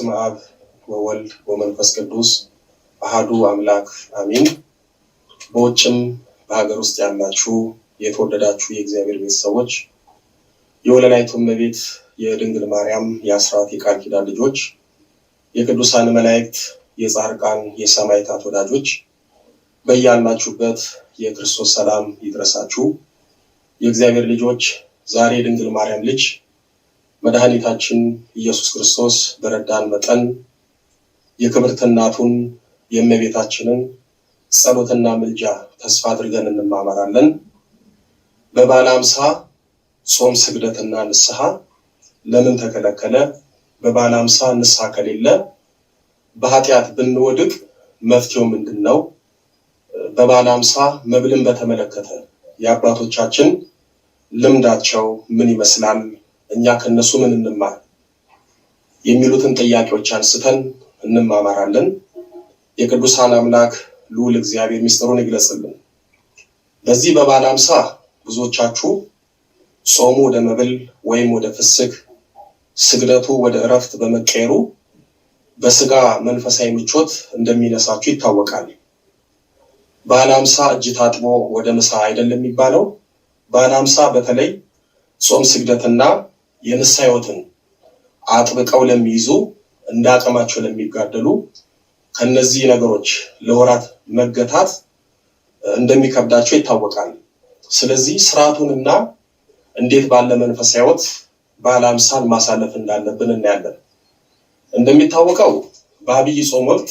በስመ አብ ወወልድ ወመንፈስ ቅዱስ አሃዱ አምላክ አሚን። በውጭም በሀገር ውስጥ ያላችሁ የተወደዳችሁ የእግዚአብሔር ቤተሰቦች፣ የወለላይቱ እመቤት የድንግል ማርያም የአስራት የቃል ኪዳን ልጆች፣ የቅዱሳን መላእክት፣ የጻርቃን የሰማዕታት ወዳጆች በያላችሁበት የክርስቶስ ሰላም ይድረሳችሁ። የእግዚአብሔር ልጆች ዛሬ የድንግል ማርያም ልጅ መድኃኒታችን ኢየሱስ ክርስቶስ በረዳን መጠን የክብርት እናቱን የእመቤታችንን ጸሎትና ምልጃ ተስፋ አድርገን እንማመራለን። በበዓለ ሃምሳ ጾም፣ ስግደትና ንስሐ ለምን ተከለከለ? በበዓለ ሃምሳ ንስሐ ከሌለ በኃጢአት ብንወድቅ መፍትሄው ምንድን ነው? በበዓለ ሃምሳ መብልን በተመለከተ የአባቶቻችን ልምዳቸው ምን ይመስላል እኛ ከነሱ ምን እንማር የሚሉትን ጥያቄዎች አንስተን እንማማራለን። የቅዱሳን አምላክ ልዑል እግዚአብሔር ምስጢሩን ይግለጽልን። በዚህ በበዓለ ሃምሳ ብዙዎቻችሁ ጾሙ ወደ መብል ወይም ወደ ፍስክ፣ ስግደቱ ወደ እረፍት በመቀየሩ በስጋ መንፈሳዊ ምቾት እንደሚነሳችሁ ይታወቃል። በዓለ ሃምሳ እጅ ታጥቦ ወደ ምሳ አይደለም የሚባለው። በዓለ ሃምሳ በተለይ ጾም ስግደትና የንስሐ ሕይወትን አጥብቀው ለሚይዙ እንደ አቅማቸው ለሚጋደሉ ከነዚህ ነገሮች ለወራት መገታት እንደሚከብዳቸው ይታወቃል። ስለዚህ ስርዓቱንና እንዴት ባለ መንፈሳዊ ሕይወት ባለ አምሳል ማሳለፍ እንዳለብን እናያለን። እንደሚታወቀው በአብይ ጾም ወቅት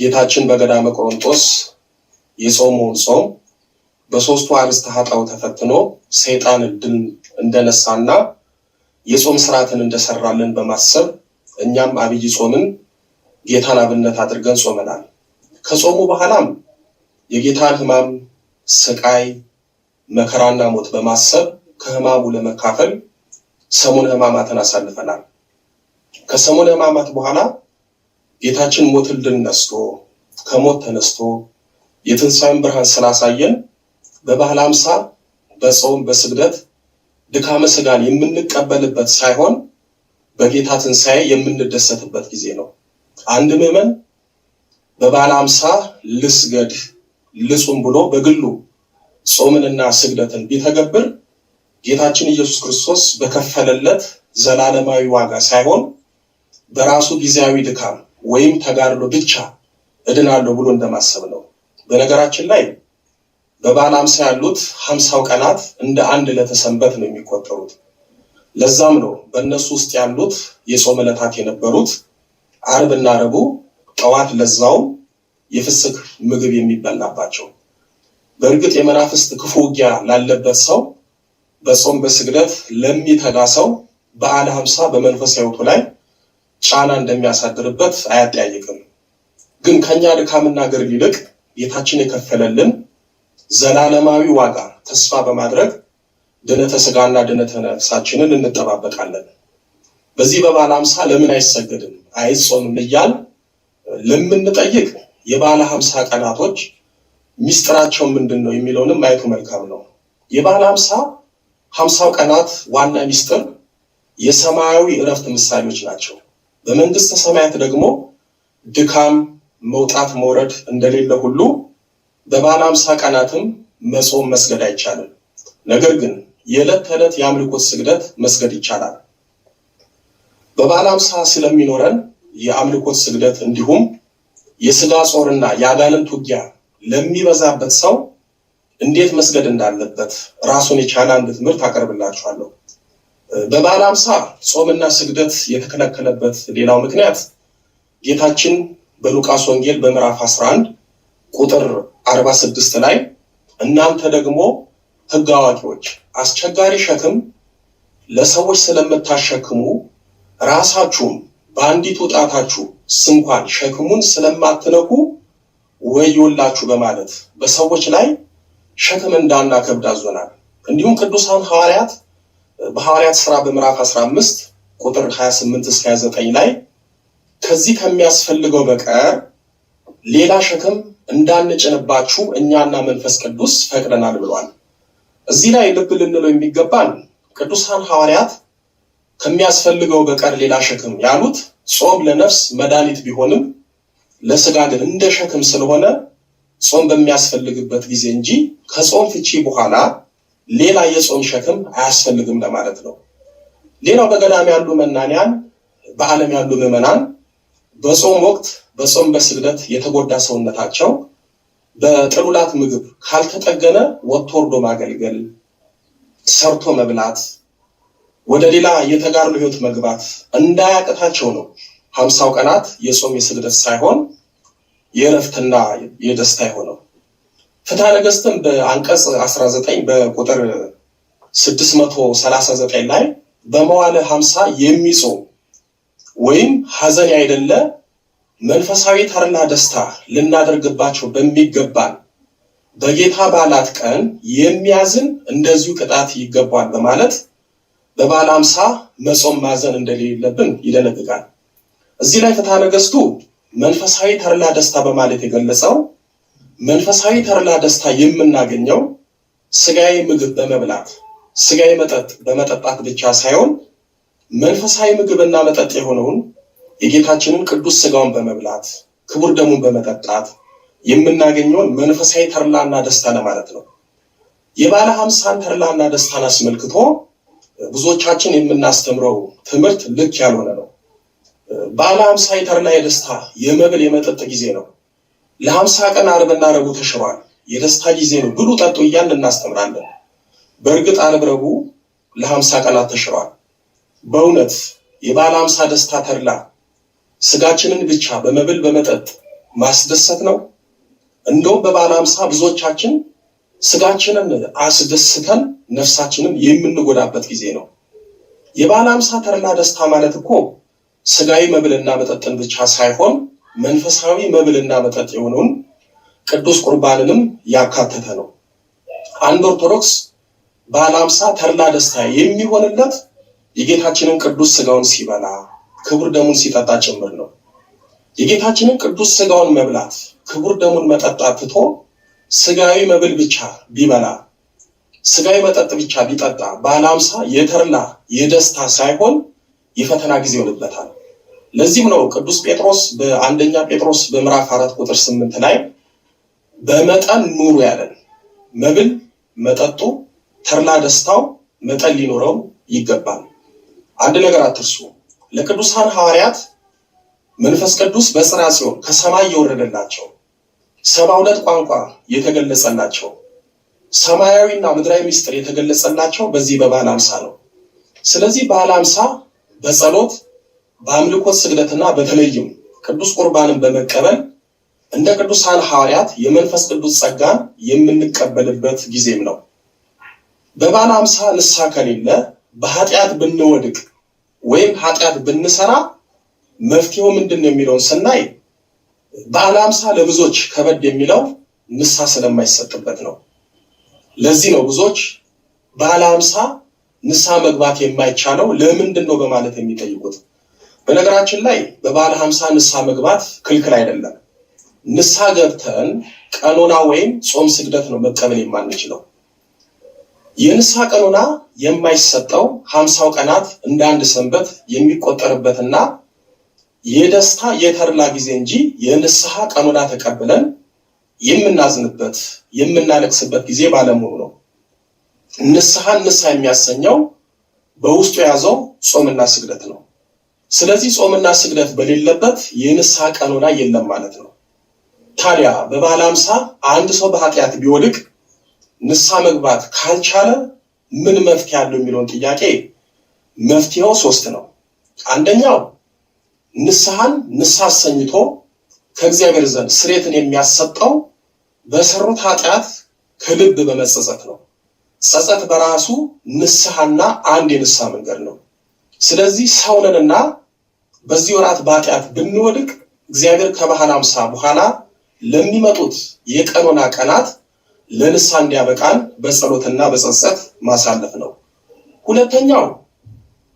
ጌታችን በገዳመ ቆሮንጦስ የጾመውን ጾም በሶስቱ አርዕስተ ኃጣው ተፈትኖ ሰይጣን ድል እንደነሳና የጾም ስርዓትን እንደሰራልን በማሰብ እኛም አብይ ጾምን ጌታን አብነት አድርገን ጾመናል። ከጾሙ በኋላም የጌታን ህማም ስቃይ፣ መከራና ሞት በማሰብ ከህማሙ ለመካፈል ሰሙነ ህማማትን አሳልፈናል። ከሰሙነ ህማማት በኋላ ጌታችን ሞትን ድል ነስቶ ከሞት ተነስቶ የትንሣኤን ብርሃን ስላሳየን በባህል አምሳ በጾም በስግደት ድካመ ስጋን የምንቀበልበት ሳይሆን በጌታ ትንሣኤ የምንደሰትበት ጊዜ ነው። አንድ ምዕመን በባለ አምሳ ልስገድ ልጹም ብሎ በግሉ ጾምንና ስግደትን ቢተገብር ጌታችን ኢየሱስ ክርስቶስ በከፈለለት ዘላለማዊ ዋጋ ሳይሆን በራሱ ጊዜያዊ ድካም ወይም ተጋድሎ ብቻ እድናለሁ ብሎ እንደማሰብ ነው። በነገራችን ላይ በበዓለ ሃምሳ ያሉት ሃምሳው ቀናት እንደ አንድ ዕለተ ሰንበት ነው የሚቆጠሩት። ለዛም ነው በእነሱ ውስጥ ያሉት የጾም ዕለታት የነበሩት ዓርብ እና ረቡዕ ጠዋት ለዛውም የፍስክ ምግብ የሚበላባቸው። በእርግጥ የመናፍስት ክፉ ውጊያ ላለበት ሰው በጾም በስግደት ለሚተጋ ሰው በዓለ ሃምሳ በመንፈሳዊ ሕይወቱ ላይ ጫና እንደሚያሳድርበት አያጠያይቅም። ግን ከኛ ድካምና ገር ይልቅ ጌታችን የከፈለልን ዘላለማዊ ዋጋ ተስፋ በማድረግ ድነተ ስጋና ድነተ ነፍሳችንን እንጠባበቃለን። በዚህ በበዓለ ሃምሳ ለምን አይሰገድም አይጾምም እያል ለምንጠይቅ የበዓለ ሃምሳ ቀናቶች ሚስጥራቸው ምንድን ነው የሚለውንም ማየቱ መልካም ነው። የበዓለ ሃምሳ ሃምሳው ቀናት ዋና ሚስጥር የሰማያዊ እረፍት ምሳሌዎች ናቸው። በመንግስተ ሰማያት ደግሞ ድካም፣ መውጣት መውረድ እንደሌለ ሁሉ በበዓለ ሃምሳ ቀናትም መጾም መስገድ አይቻልም። ነገር ግን የዕለት ተዕለት የአምልኮት ስግደት መስገድ ይቻላል። በበዓለ ሃምሳ ስለሚኖረን የአምልኮት ስግደት እንዲሁም የስጋ ጾርና የአጋንንት ውጊያ ለሚበዛበት ሰው እንዴት መስገድ እንዳለበት ራሱን የቻለ አንድ ትምህርት አቀርብላችኋለሁ። በበዓለ ሃምሳ ጾምና ስግደት የተከለከለበት ሌላው ምክንያት ጌታችን በሉቃስ ወንጌል በምዕራፍ 11 ቁጥር አርባ ስድስት ላይ እናንተ ደግሞ ህግ አዋቂዎች አስቸጋሪ ሸክም ለሰዎች ስለምታሸክሙ ራሳችሁም በአንዲቱ ጣታችሁ ስንኳን ሸክሙን ስለማትነኩ ወዮላችሁ በማለት በሰዎች ላይ ሸክም እንዳናከብድ አዞናል። እንዲሁም ቅዱሳን ሐዋርያት በሐዋርያት ሥራ በምዕራፍ 15 ቁጥር 28 እስከ 29 ላይ ከዚህ ከሚያስፈልገው በቀር ሌላ ሸክም እንዳንጭንባችሁ እኛና መንፈስ ቅዱስ ፈቅደናል ብሏል። እዚህ ላይ ልብ ልንለው የሚገባን ቅዱሳን ሐዋርያት ከሚያስፈልገው በቀር ሌላ ሸክም ያሉት ጾም ለነፍስ መድኃኒት ቢሆንም ለስጋ ግን እንደ ሸክም ስለሆነ ጾም በሚያስፈልግበት ጊዜ እንጂ ከጾም ፍቺ በኋላ ሌላ የጾም ሸክም አያስፈልግም ለማለት ነው። ሌላው በገዳም ያሉ መናንያን፣ በዓለም ያሉ ምዕመናን በጾም ወቅት በጾም በስግደት የተጎዳ ሰውነታቸው በጥሉላት ምግብ ካልተጠገነ ወጥቶ ወርዶ ማገልገል፣ ሰርቶ መብላት፣ ወደ ሌላ የተጋድሎ ህይወት መግባት እንዳያቅታቸው ነው። ሀምሳው ቀናት የጾም የስግደት ሳይሆን የእረፍትና የደስታ የሆነው ፍትሐ ነገሥትም በአንቀጽ 19 በቁጥር 639 ላይ በመዋለ ሀምሳ የሚጾም ወይም ሀዘን ያይደለ መንፈሳዊ ተርላ ደስታ ልናደርግባቸው በሚገባን በጌታ በዓላት ቀን የሚያዝን እንደዚሁ ቅጣት ይገባል በማለት በባለ አምሳ መጾም ማዘን እንደሌለብን ይደነግጋል። እዚህ ላይ ፍትሐ ነገሥቱ መንፈሳዊ ተርላ ደስታ በማለት የገለጸው መንፈሳዊ ተርላ ደስታ የምናገኘው ስጋዊ ምግብ በመብላት ስጋዊ መጠጥ በመጠጣት ብቻ ሳይሆን መንፈሳዊ ምግብና መጠጥ የሆነውን የጌታችንን ቅዱስ ስጋውን በመብላት ክቡር ደሙን በመጠጣት የምናገኘውን መንፈሳዊ ተርላና ደስታ ለማለት ነው። የባለ ሀምሳን ተርላና ደስታን አስመልክቶ ብዙዎቻችን የምናስተምረው ትምህርት ልክ ያልሆነ ነው። ባለ ሀምሳ የተርላ የደስታ የመብል የመጠጥ ጊዜ ነው። ለሀምሳ ቀን አርብና ረቡዕ ተሽሯል፣ የደስታ ጊዜ ነው፣ ብሉ ጠጡ እያልን እናስተምራለን። በእርግጥ አርብ፣ ረቡዕ ለሀምሳ ቀናት ተሽሯል። በእውነት የባለ ሀምሳ ደስታ ተርላ ስጋችንን ብቻ በመብል በመጠጥ ማስደሰት ነው። እንደውም በበዓለ ሃምሳ ብዙዎቻችን ስጋችንን አስደስተን ነፍሳችንን የምንጎዳበት ጊዜ ነው። የበዓለ ሃምሳ ተድላ ደስታ ማለት እኮ ስጋዊ መብልና መጠጥን ብቻ ሳይሆን መንፈሳዊ መብልና መጠጥ የሆነውን ቅዱስ ቁርባንንም ያካተተ ነው። አንድ ኦርቶዶክስ በዓለ ሃምሳ ተድላ ደስታ የሚሆንለት የጌታችንን ቅዱስ ስጋውን ሲበላ ክቡር ደሙን ሲጠጣ ጭምር ነው። የጌታችንን ቅዱስ ስጋውን መብላት ክቡር ደሙን መጠጣ ትቶ ስጋዊ መብል ብቻ ቢበላ ስጋዊ መጠጥ ብቻ ቢጠጣ ባለ አምሳ የተርላ የደስታ ሳይሆን የፈተና ጊዜ ይሆንበታል። ለዚህም ነው ቅዱስ ጴጥሮስ በአንደኛ ጴጥሮስ በምዕራፍ አራት ቁጥር ስምንት ላይ በመጠን ኑሩ ያለን መብል መጠጡ ተርላ ደስታው መጠን ሊኖረው ይገባል። አንድ ነገር አትርሱ። ለቅዱሳን ሐዋርያት መንፈስ ቅዱስ በስራ ሲሆን ከሰማይ የወረደላቸው ሰባ ሁለት ቋንቋ የተገለጸላቸው ሰማያዊና ምድራዊ ምስጢር የተገለጸላቸው በዚህ በበዓለ ሃምሳ ነው። ስለዚህ በዓለ ሃምሳ በጸሎት በአምልኮት ስግደትና በተለይም ቅዱስ ቁርባንን በመቀበል እንደ ቅዱሳን ሐዋርያት የመንፈስ ቅዱስ ጸጋን የምንቀበልበት ጊዜም ነው። በበዓለ ሃምሳ ንስሐ ከሌለ በኃጢአት ብንወድቅ ወይም ኃጢአት ብንሰራ መፍትሄው ምንድን ነው የሚለውን ስናይ በዓለ ሃምሳ ለብዙዎች ከበድ የሚለው ንስሐ ስለማይሰጥበት ነው። ለዚህ ነው ብዙዎች በዓለ ሃምሳ ንስሐ መግባት የማይቻለው ለምንድን ነው በማለት የሚጠይቁት። በነገራችን ላይ በበዓለ ሃምሳ ንስሐ መግባት ክልክል አይደለም። ንስሐ ገብተን ቀኖና ወይም ጾም ስግደት ነው መቀበል የማንችለው። የንስሐ ቀኖና የማይሰጠው ሀምሳው ቀናት እንደ አንድ ሰንበት የሚቆጠርበትና የደስታ የተድላ ጊዜ እንጂ የንስሐ ቀኖና ተቀብለን የምናዝንበት የምናለቅስበት ጊዜ ባለመሆኑ ነው። ንስሐ ንስሐ የሚያሰኘው በውስጡ የያዘው ጾምና ስግደት ነው። ስለዚህ ጾምና ስግደት በሌለበት የንስሐ ቀኖና የለም ማለት ነው። ታዲያ በበዓለ ሃምሳ አንድ ሰው በኃጢአት ቢወድቅ ንሳ መግባት ካልቻለ ምን መፍትሄ አለው የሚለውን ጥያቄ መፍትሄው ሶስት ነው። አንደኛው ንስሐን ንስሐ አሰኝቶ ከእግዚአብሔር ዘንድ ስሬትን የሚያሰጠው በሰሩት ኃጢአት ከልብ በመጸጸት ነው። ጸጸት በራሱ ንስሐና አንድ የንስሐ መንገድ ነው። ስለዚህ ሰውንንና በዚህ ወራት በኃጢአት ብንወድቅ እግዚአብሔር ከባህል አምሳ በኋላ ለሚመጡት የቀኖና ቀናት ለንስሐ እንዲያበቃን በጸሎትና በጸጸት ማሳለፍ ነው። ሁለተኛው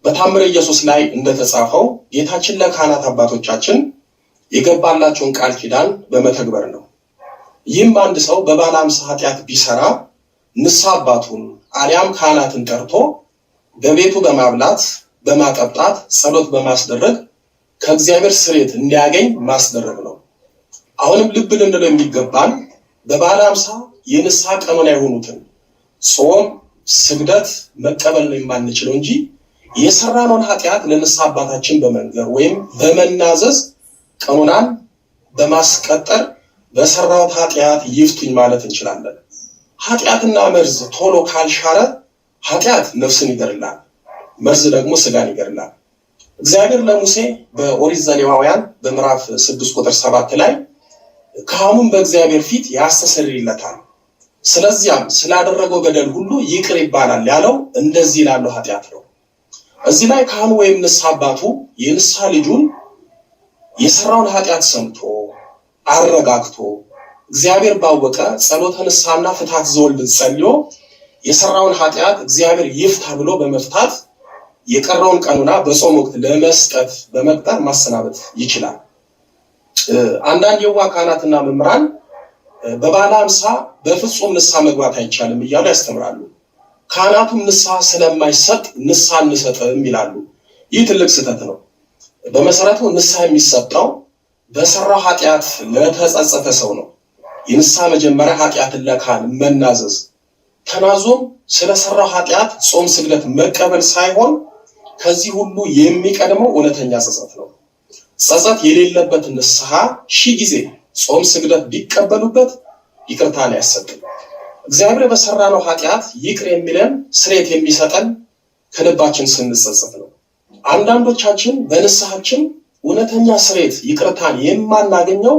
በታምረ ኢየሱስ ላይ እንደተጻፈው ጌታችን ለካህናት አባቶቻችን የገባላቸውን ቃል ኪዳን በመተግበር ነው። ይህም አንድ ሰው በባለ ሃምሳ ኃጢአት ቢሰራ ንስሐ አባቱን አሊያም ካህናትን ጠርቶ በቤቱ በማብላት በማጠብጣት ጸሎት በማስደረግ ከእግዚአብሔር ስሬት እንዲያገኝ ማስደረግ ነው። አሁንም ልብ ልንለው የሚገባን በባለ አምሳ የንስሐ ቀመና የሆኑትን ጾም፣ ስግደት መቀበል ነው የማንችለው እንጂ የሰራነውን ኃጢአት ለንስሐ አባታችን በመንገር ወይም በመናዘዝ ቀኖናን በማስቀጠር በሰራሁት ኃጢአት ይፍቱኝ ማለት እንችላለን። ኃጢአትና መርዝ ቶሎ ካልሻረ ኃጢአት ነፍስን ይገድላል፣ መርዝ ደግሞ ስጋን ይገድላል። እግዚአብሔር ለሙሴ በኦሪት ዘሌዋውያን በምዕራፍ ስድስት ቁጥር ሰባት ላይ ካህኑን በእግዚአብሔር ፊት ያስተሰርይለታል ስለዚያም ስላደረገው በደል ሁሉ ይቅር ይባላል ያለው እንደዚህ ላለው ኃጢአት ነው። እዚህ ላይ ካህኑ ወይም ንስሐ አባቱ የንስሐ ልጁን የሰራውን ኃጢአት ሰምቶ አረጋግቶ እግዚአብሔር ባወቀ ጸሎተ ንስሐና ፍታት ዘወልድ ጸልዮ የሰራውን ኃጢአት እግዚአብሔር ይፍታ ብሎ በመፍታት የቀረውን ቀኑና በጾም ወቅት ለመስጠት በመቅጠር ማሰናበት ይችላል። አንዳንድ የዋ ካህናትና መምህራን በባለ አምሳ በፍጹም ንስሐ መግባት አይቻልም እያሉ ያስተምራሉ። ካህናቱም ንስሐ ስለማይሰጥ ንስሐ እንሰጥም ይላሉ። ይህ ትልቅ ስህተት ነው። በመሰረቱ ንስሐ የሚሰጠው በሰራው ኃጢአት ለተጸጸተ ሰው ነው። የንስሐ መጀመሪያ ኃጢአትን ለካል መናዘዝ፣ ተናዞም ስለሰራው ኃጢአት ጾም፣ ስግደት መቀበል ሳይሆን ከዚህ ሁሉ የሚቀድመው እውነተኛ ጸጸት ነው። ጸጸት የሌለበት ንስሐ ሺህ ጊዜ ጾም ስግደት ቢቀበሉበት ይቅርታን አያሰጥም። እግዚአብሔር በሰራነው ኃጢአት ይቅር የሚለን ስሬት የሚሰጠን ከልባችን ስንጸጸት ነው። አንዳንዶቻችን በንስሐችን እውነተኛ ስሬት ይቅርታን የማናገኘው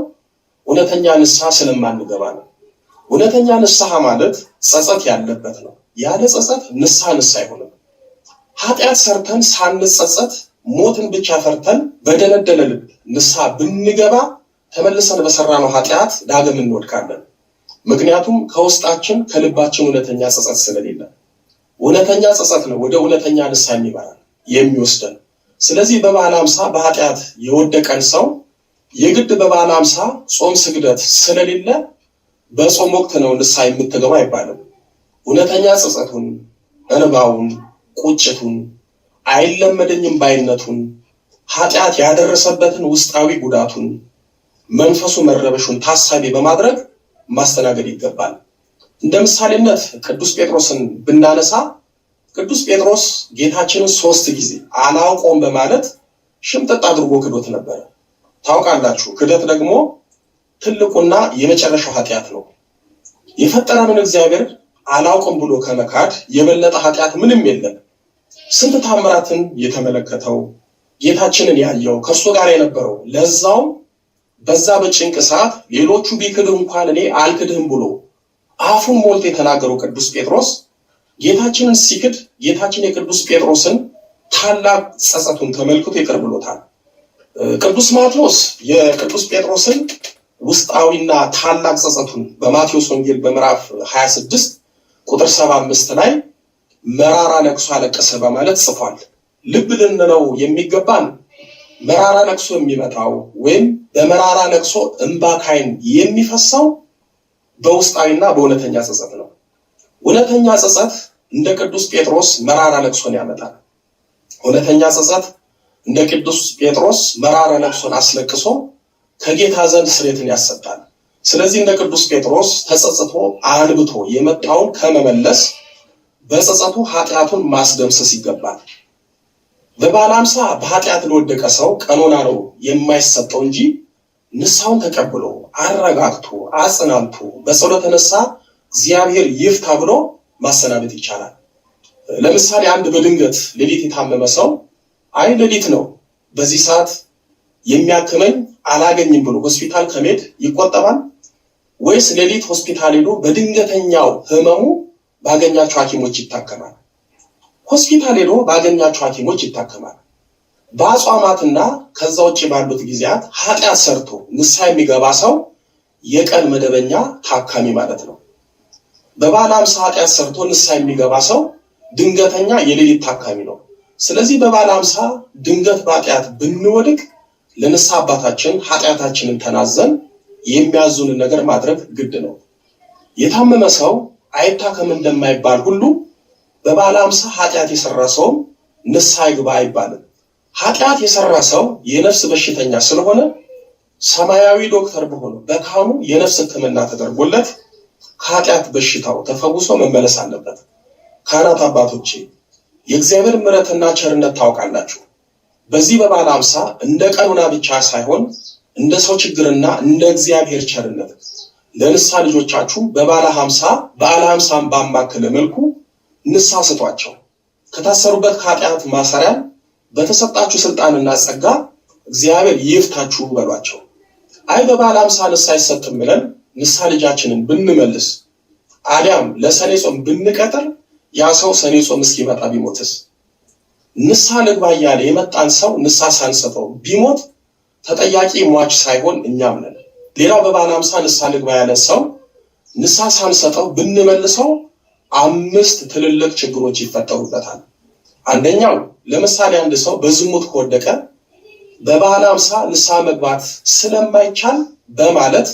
እውነተኛ ንስሐ ስለማንገባ ነው። እውነተኛ ንስሐ ማለት ጸጸት ያለበት ነው። ያለ ጸጸት ንስሐ ንስሐ አይሆንም። ኃጢአት ሰርተን ሳንጸጸት ሞትን ብቻ ፈርተን በደነደነ ልብ ንስሐ ብንገባ ተመልሰን በሰራነው ኃጢአት ዳግም እንወድቃለን። ምክንያቱም ከውስጣችን ከልባችን እውነተኛ ጸጸት ስለሌለ፣ እውነተኛ ጸጸት ነው ወደ እውነተኛ ንስሐ ይባላል የሚወስደን። ስለዚህ በበዓለ ሃምሳ በኃጢአት የወደቀን ሰው የግድ በበዓለ ሃምሳ ጾም ስግደት ስለሌለ በጾም ወቅት ነው ንስሐ የምትገባ አይባልም። እውነተኛ ጸጸቱን፣ እንባውን፣ ቁጭቱን፣ አይለመደኝም ባይነቱን ኃጢአት ያደረሰበትን ውስጣዊ ጉዳቱን መንፈሱ መረበሹን ታሳቢ በማድረግ ማስተናገድ ይገባል። እንደ ምሳሌነት ቅዱስ ጴጥሮስን ብናነሳ ቅዱስ ጴጥሮስ ጌታችንን ሶስት ጊዜ አላውቀውም በማለት ሽምጥጥ አድርጎ ክዶት ነበረ። ታውቃላችሁ፣ ክደት ደግሞ ትልቁና የመጨረሻው ኃጢአት ነው። የፈጠረንን እግዚአብሔር አላውቅም ብሎ ከመካድ የበለጠ ኃጢአት ምንም የለም። ስንት ታምራትን የተመለከተው ጌታችንን ያየው ከእሱ ጋር የነበረው ለዛውም በዛ በጭንቅ ሰዓት ሌሎቹ ቢክድህ እንኳን እኔ አልክድህም ብሎ አፉን ሞልቶ የተናገረው ቅዱስ ጴጥሮስ ጌታችንን ሲክድ ጌታችን የቅዱስ ጴጥሮስን ታላቅ ጸጸቱን ተመልክቶ ይቅር ብሎታል። ቅዱስ ማቴዎስ የቅዱስ ጴጥሮስን ውስጣዊና ታላቅ ጸጸቱን በማቴዎስ ወንጌል በምዕራፍ 26 ቁጥር 75 ላይ መራራ ለቅሶ አለቀሰ በማለት ጽፏል። ልብ ልንለው የሚገባን መራራ ለቅሶ የሚመጣው ወይም በመራራ ለቅሶ እንባ ካይን የሚፈሳው በውስጣዊና በእውነተኛ ጸጸት ነው። እውነተኛ ጸጸት እንደ ቅዱስ ጴጥሮስ መራራ ለቅሶን ያመጣል። እውነተኛ ጸጸት እንደ ቅዱስ ጴጥሮስ መራራ ለቅሶን አስለቅሶ ከጌታ ዘንድ ስሬትን ያሰጣል። ስለዚህ እንደ ቅዱስ ጴጥሮስ ተጸጽቶ አንብቶ የመጣውን ከመመለስ በጸጸቱ ኃጢአቱን ማስደምሰስ ይገባል። በበዓለ ሃምሳ በኃጢአት ለወደቀ ሰው ቀኖና ነው የማይሰጠው እንጂ ንስሐውን ተቀብሎ አረጋግቶ አጽናንቶ በጸሎተ ንስሐ እግዚአብሔር ይፍታ ብሎ ማሰናበት ይቻላል። ለምሳሌ አንድ በድንገት ሌሊት የታመመ ሰው አይ ሌሊት ነው በዚህ ሰዓት የሚያክመኝ አላገኝም ብሎ ሆስፒታል ከመሄድ ይቆጠባል ወይስ ሌሊት ሆስፒታል ሄዶ በድንገተኛው ህመሙ ባገኛቸው ሐኪሞች ይታከማል? ሆስፒታል ሄዶ ባገኛቸው ሐኪሞች ይታከማል። በአጽዋማትና ከዛ ውጭ ባሉት ጊዜያት ኃጢአት ሰርቶ ንስሐ የሚገባ ሰው የቀን መደበኛ ታካሚ ማለት ነው። በባለ ሃምሳ ኃጢአት ሰርቶ ንስሐ የሚገባ ሰው ድንገተኛ የሌሊት ታካሚ ነው። ስለዚህ በባለ ሃምሳ ድንገት በኃጢአት ብንወድቅ ለንስሐ አባታችን ኃጢአታችንን ተናዘን የሚያዙንን ነገር ማድረግ ግድ ነው። የታመመ ሰው አይታከም እንደማይባል ሁሉ በበዓለ ሃምሳ ኃጢአት የሰራ ሰውም ንስሐ ይግባ አይባልም። ኃጢአት የሰራ ሰው የነፍስ በሽተኛ ስለሆነ ሰማያዊ ዶክተር በሆነ በካህኑ የነፍስ ሕክምና ተደርጎለት ከኃጢአት በሽታው ተፈውሶ መመለስ አለበት። ካህናት አባቶቼ የእግዚአብሔር ምሕረትና ቸርነት ታውቃላችሁ። በዚህ በበዓለ ሃምሳ እንደ ቀኑና ብቻ ሳይሆን እንደ ሰው ችግርና እንደ እግዚአብሔር ቸርነት ለንስሐ ልጆቻችሁ በበዓለ ሃምሳ በዓለ ሃምሳን ባማከለ መልኩ ንስሐ ስጧቸው። ከታሰሩበት ከኃጢአት ማሰሪያ በተሰጣችሁ ስልጣንና ጸጋ እግዚአብሔር ይፍታችሁ በሏቸው። አይ በባለ አምሳ ንስሐ አይሰጥም ብለን ንስሐ ልጃችንን ብንመልስ አዲያም ለሰኔ ጾም ብንቀጥር ያ ሰው ሰኔ ጾም እስኪመጣ ቢሞትስ? ንስሐ ልግባ እያለ የመጣን ሰው ንስሐ ሳንሰጠው ቢሞት ተጠያቂ ሟች ሳይሆን እኛም ነን። ሌላው በበዓለ አምሳ ንስሐ ልግባ ያለ ሰው ንስሐ ሳንሰጠው ብንመልሰው አምስት ትልልቅ ችግሮች ይፈጠሩበታል። አንደኛው ለምሳሌ አንድ ሰው በዝሙት ከወደቀ በባህል አምሳ ንስሐ መግባት ስለማይቻል በማለት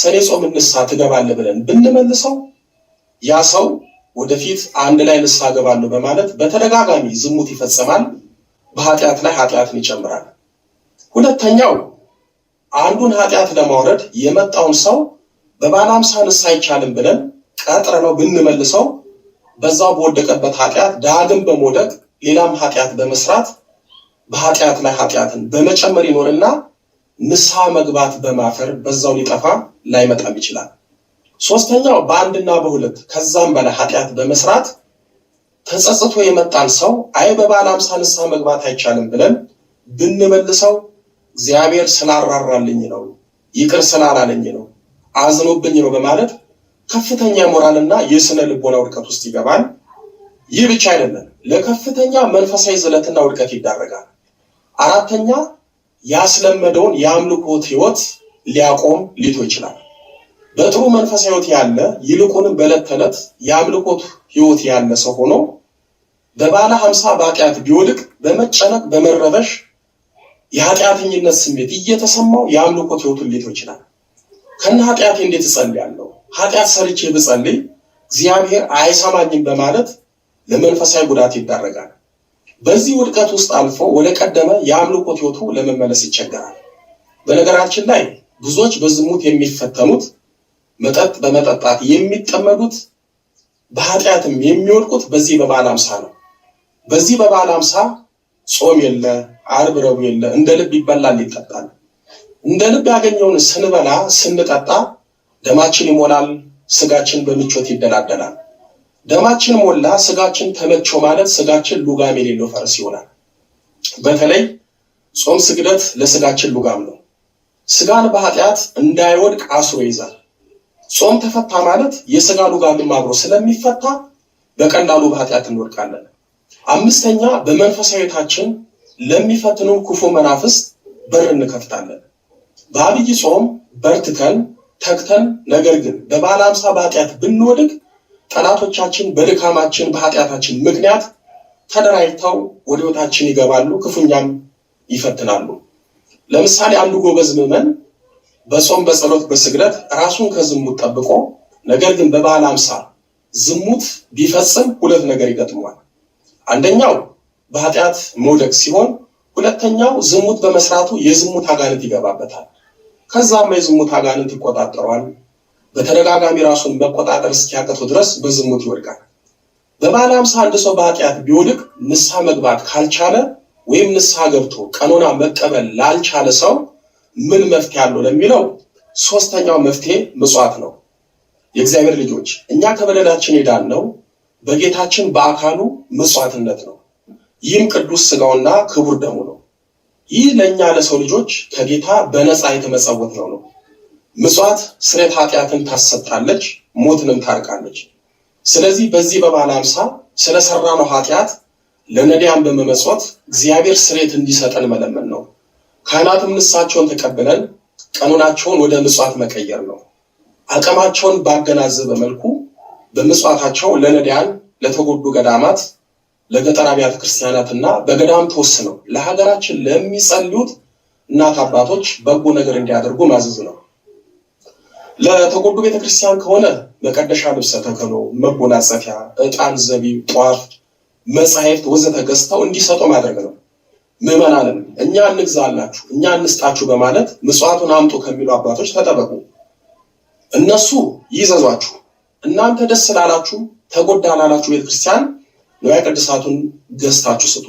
ሰኔ ጾም ንስሐ ትገባለህ ብለን ብንመልሰው ያ ሰው ወደፊት አንድ ላይ ንስሐ እገባለሁ በማለት በተደጋጋሚ ዝሙት ይፈጽማል። በኃጢአት ላይ ኃጢአትን ይጨምራል። ሁለተኛው አንዱን ኃጢአት ለማውረድ የመጣውን ሰው በባለ አምሳ ንስሐ አይቻልም ብለን ቀጥረ ነው ብንመልሰው በዛው በወደቀበት ኃጢአት ዳግም በመውደቅ ሌላም ኃጢአት በመስራት በኃጢአት ላይ ኃጢአትን በመጨመር ይኖርና ንስሐ መግባት በማፈር በዛው ሊጠፋ ላይመጣም ይችላል። ሶስተኛው በአንድና በሁለት ከዛም በላይ ኃጢአት በመስራት ተጸጽቶ የመጣን ሰው አይ በበዓለ አምሳ ንስሐ መግባት አይቻልም ብለን ብንመልሰው እግዚአብሔር ስላራራልኝ ነው፣ ይቅር ስላላለኝ ነው፣ አዝኖብኝ ነው በማለት ከፍተኛ የሞራልና የስነ ልቦና ውድቀት ውስጥ ይገባል። ይህ ብቻ አይደለም፣ ለከፍተኛ መንፈሳዊ ዝለትና ውድቀት ይዳረጋል። አራተኛ ያስለመደውን የአምልኮት ህይወት ሊያቆም ሊቶ ይችላል። በጥሩ መንፈሳዊ ህይወት ያለ ይልቁንም በዕለት ተዕለት የአምልኮት ህይወት ያለ ሰው ሆኖ በባለ ሀምሳ በኃጢአት ቢወድቅ በመጨነቅ በመረበሽ የኃጢአተኝነት ስሜት እየተሰማው የአምልኮት ህይወቱን ሊቶ ይችላል። ከነ ኃጢአቴ እንዴት እጸልያለሁ ኃጢአት ሰርቼ ብጸልይ እግዚአብሔር አይሰማኝም በማለት ለመንፈሳዊ ጉዳት ይዳረጋል። በዚህ ውድቀት ውስጥ አልፎ ወደ ቀደመ የአምልኮት ህይወቱ ለመመለስ ይቸገራል። በነገራችን ላይ ብዙዎች በዝሙት የሚፈተኑት፣ መጠጥ በመጠጣት የሚጠመዱት፣ በኃጢአትም የሚወድቁት በዚህ በበዓለ አምሳ ነው። በዚህ በበዓለ አምሳ ጾም የለ፣ ዓርብ ረቡዕ የለ፣ እንደ ልብ ይበላል ይጠጣል። እንደ ልብ ያገኘውን ስንበላ ስንጠጣ ደማችን ይሞላል፣ ስጋችን በምቾት ይደላደላል። ደማችን ሞላ፣ ስጋችን ተመቸው ማለት ስጋችን ሉጋም የሌለው ፈረስ ይሆናል። በተለይ ጾም ስግደት ለስጋችን ሉጋም ነው። ስጋን በኃጢአት እንዳይወድቅ አስሮ ይዛል። ጾም ተፈታ ማለት የስጋ ሉጋም አብሮ ስለሚፈታ በቀላሉ በኃጢአት እንወድቃለን። አምስተኛ በመንፈሳዊታችን ለሚፈትኑ ክፉ መናፍስት በር እንከፍታለን። በአብይ ጾም በርትከን ተክተን ነገር ግን በባለ አምሳ በኃጢአት ብንወድቅ ጠላቶቻችን በድካማችን በኃጢአታችን ምክንያት ተደራጅተው ወደ ወታችን ይገባሉ፣ ክፉኛም ይፈትናሉ። ለምሳሌ አንዱ ጎበዝ ምዕመን በጾም በጸሎት በስግደት ራሱን ከዝሙት ጠብቆ ነገር ግን በባለ አምሳ ዝሙት ቢፈጽም ሁለት ነገር ይገጥመዋል። አንደኛው በኃጢአት መውደቅ ሲሆን፣ ሁለተኛው ዝሙት በመስራቱ የዝሙት አጋንንት ይገባበታል። ከዛም የዝሙት አጋንንት ይቆጣጠሯል በተደጋጋሚ ራሱን መቆጣጠር እስኪያቀቱ ድረስ በዝሙት ይወድቃል። በባለ አምሳ አንድ ሰው በኃጢአት ቢወድቅ ንስሐ መግባት ካልቻለ ወይም ንስሐ ገብቶ ቀኖና መቀበል ላልቻለ ሰው ምን መፍትሄ አለው ለሚለው ሶስተኛው መፍትሄ ምጽዋት ነው። የእግዚአብሔር ልጆች እኛ ከበደላችን የዳነው በጌታችን በአካሉ ምጽዋትነት ነው። ይህም ቅዱስ ስጋውና ክቡር ደሙ ነው። ይህ ለእኛ ለሰው ልጆች ከጌታ በነፃ የተመጸወት ነው ነው ምጽዋት ስርየት ኃጢአትን ታሰጣለች፣ ሞትንም ታርቃለች። ስለዚህ በዚህ በባለ አምሳ ስለሰራ ነው ኃጢአት ለነዳያን በመመጽወት እግዚአብሔር ስርየት እንዲሰጠን መለመን ነው። ካህናትም ንሳቸውን ተቀብለን ቀኖናቸውን ወደ ምጽዋት መቀየር ነው። አቅማቸውን ባገናዘበ መልኩ በምጽዋታቸው ለነዳያን ለተጎዱ ገዳማት ለገጠር አብያተ እና በገዳም ተወስነው ለሀገራችን ለሚጸልዩት እናት አባቶች በጎ ነገር እንዲያደርጉ ማዘዝ ነው። ለተጎዱ ቤተክርስቲያን ከሆነ መቀደሻ ልብሰ ተክህኖ፣ መጎናጸፊያ፣ እጣን ዘቢብ፣ ጧፍ፣ መጻሕፍት ወዘተ ገዝተው እንዲሰጡ ማድረግ ነው። ምዕመናንም እኛ እንግዛላችሁ እኛ እንስጣችሁ በማለት ምጽዋቱን አምጡ ከሚሉ አባቶች ተጠበቁ። እነሱ ይዘዟችሁ። እናንተ ደስ ላላችሁ ተጎዳ ላላችሁ ቤተክርስቲያን ንዋየ ቅድሳቱን ገዝታችሁ ስጡ።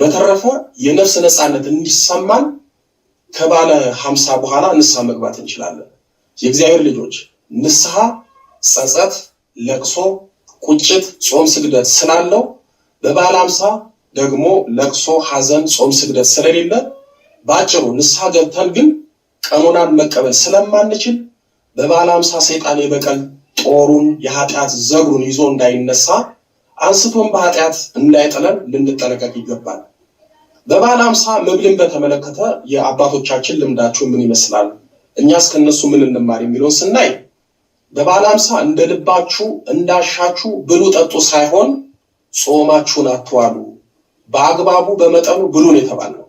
በተረፈ የነፍስ ነፃነት እንዲሰማን ከባለ ሀምሳ በኋላ ንስሐ መግባት እንችላለን። የእግዚአብሔር ልጆች ንስሐ ጸጸት፣ ለቅሶ፣ ቁጭት፣ ጾም፣ ስግደት ስላለው በባለ ሀምሳ ደግሞ ለቅሶ፣ ሐዘን፣ ጾም፣ ስግደት ስለሌለ በአጭሩ ንስሐ ገብተን ግን ቀኖናን መቀበል ስለማንችል በባለ ሀምሳ ሰይጣን የበቀል ጦሩን የኃጢአት ዘሩን ይዞ እንዳይነሳ አንስቶም በኃጢአት እንዳይጥለን ልንጠነቀቅ ይገባል። በበዓለ ሃምሳ መብልን በተመለከተ የአባቶቻችን ልምዳቸው ምን ይመስላል፣ እኛስ ከነሱ ምን እንማር የሚለውን ስናይ በበዓለ ሃምሳ እንደ ልባችሁ እንዳሻችሁ ብሉ ጠጡ ሳይሆን ጾማችሁን አትዋሉ፣ በአግባቡ በመጠኑ ብሉን የተባለው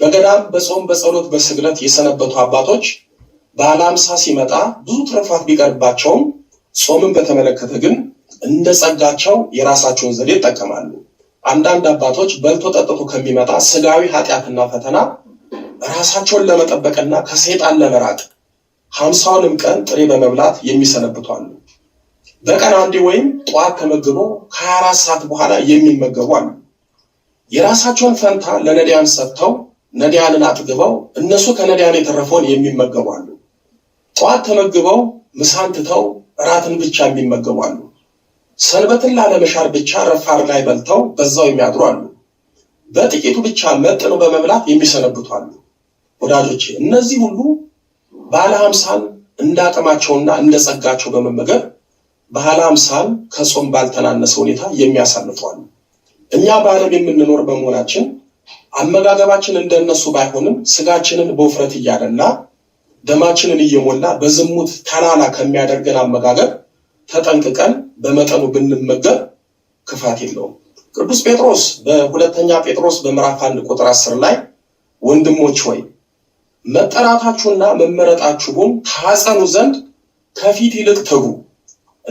በገዳም በጾም በጸሎት በስግደት የሰነበቱ አባቶች በዓለ ሃምሳ ሲመጣ ብዙ ትረፋት ቢቀርባቸውም ጾምን በተመለከተ ግን እንደ ጸጋቸው የራሳቸውን ዘዴ ይጠቀማሉ። አንዳንድ አባቶች በልቶ ጠጥቶ ከሚመጣ ስጋዊ ኃጢአትና ፈተና ራሳቸውን ለመጠበቅና ከሰይጣን ለመራቅ ሀምሳውንም ቀን ጥሬ በመብላት የሚሰነብቷሉ። በቀን አንዴ ወይም ጠዋት ተመግበው ከሀያ አራት ሰዓት በኋላ የሚመገቡ አሉ። የራሳቸውን ፈንታ ለነዳያን ሰጥተው ነዳያንን አጥግበው እነሱ ከነዳያን የተረፈውን የሚመገቡ አሉ። ጠዋት ተመግበው ምሳን ትተው እራትን ብቻ የሚመገቡ አሉ። ሰንበትን ላለመሻር ብቻ ረፋር ላይ በልተው በዛው የሚያድሩ አሉ። በጥቂቱ ብቻ መጥኑ በመብላት የሚሰነብቱ አሉ። ወዳጆቼ እነዚህ ሁሉ ባለ ሀምሳን እንዳጠማቸውና እንደጸጋቸው በመመገብ ባለ ሀምሳን ከጾም ባልተናነሰ ሁኔታ የሚያሳልፉ አሉ። እኛ በዓለም የምንኖር በመሆናችን አመጋገባችን እንደነሱ ባይሆንም ስጋችንን በውፍረት እያደላ ደማችንን እየሞላ በዝሙት ተላላ ከሚያደርገን አመጋገብ ተጠንቅቀን በመጠኑ ብንመገብ ክፋት የለውም። ቅዱስ ጴጥሮስ በሁለተኛ ጴጥሮስ በምዕራፍ አንድ ቁጥር አስር ላይ ወንድሞች ሆይ መጠራታችሁና መመረጣችሁም ታጸኑ ዘንድ ከፊት ይልቅ ትጉ፣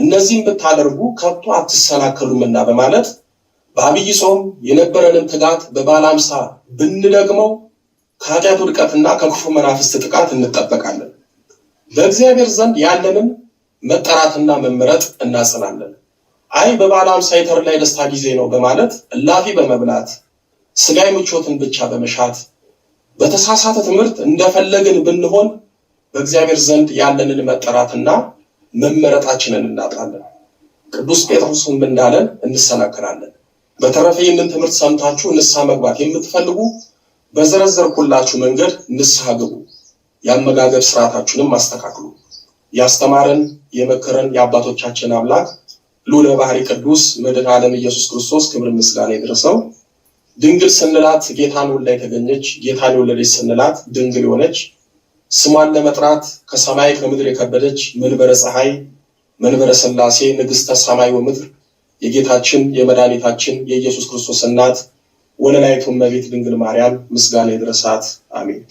እነዚህም ብታደርጉ ከቶ አትሰናከሉምና በማለት በአብይ ጾም የነበረንን ትጋት በበዓለ ሃምሳ ብንደግመው ከኃጢአት ውድቀትና ከክፉ መናፍስት ጥቃት እንጠበቃለን። በእግዚአብሔር ዘንድ ያለንን መጠራትና መመረጥ እናጸናለን። አይ በባለ ሃምሳ ላይ ደስታ ጊዜ ነው በማለት እላፊ በመብላት ስጋዊ ምቾትን ብቻ በመሻት በተሳሳተ ትምህርት እንደፈለግን ብንሆን በእግዚአብሔር ዘንድ ያለንን መጠራትና መመረጣችንን እናጣለን። ቅዱስ ጴጥሮስም እንዳለን እንሰናከላለን። በተረፈ ይህንን ትምህርት ሰምታችሁ ንስሐ መግባት የምትፈልጉ በዘረዘርኩላችሁ መንገድ ንስሐ ግቡ፣ የአመጋገብ ስርዓታችሁንም አስተካክሉ። ያስተማረን የመከረን የአባቶቻችን አምላክ ልዑለ ባህሪ ቅዱስ መድኃኔ ዓለም ኢየሱስ ክርስቶስ ክብር ምስጋና ይድረሰው። ድንግል ስንላት ጌታን ወልዳ የተገኘች ጌታን የወለደች ስንላት ድንግል የሆነች ስሟን ለመጥራት ከሰማይ ከምድር የከበደች መንበረ ፀሐይ መንበረ ስላሴ ንግሥተ ሰማይ ወምድር የጌታችን የመድኃኒታችን የኢየሱስ ክርስቶስ እናት ወለላይቱ እመቤት ድንግል ማርያም ምስጋና ይድረሳት። አሜን።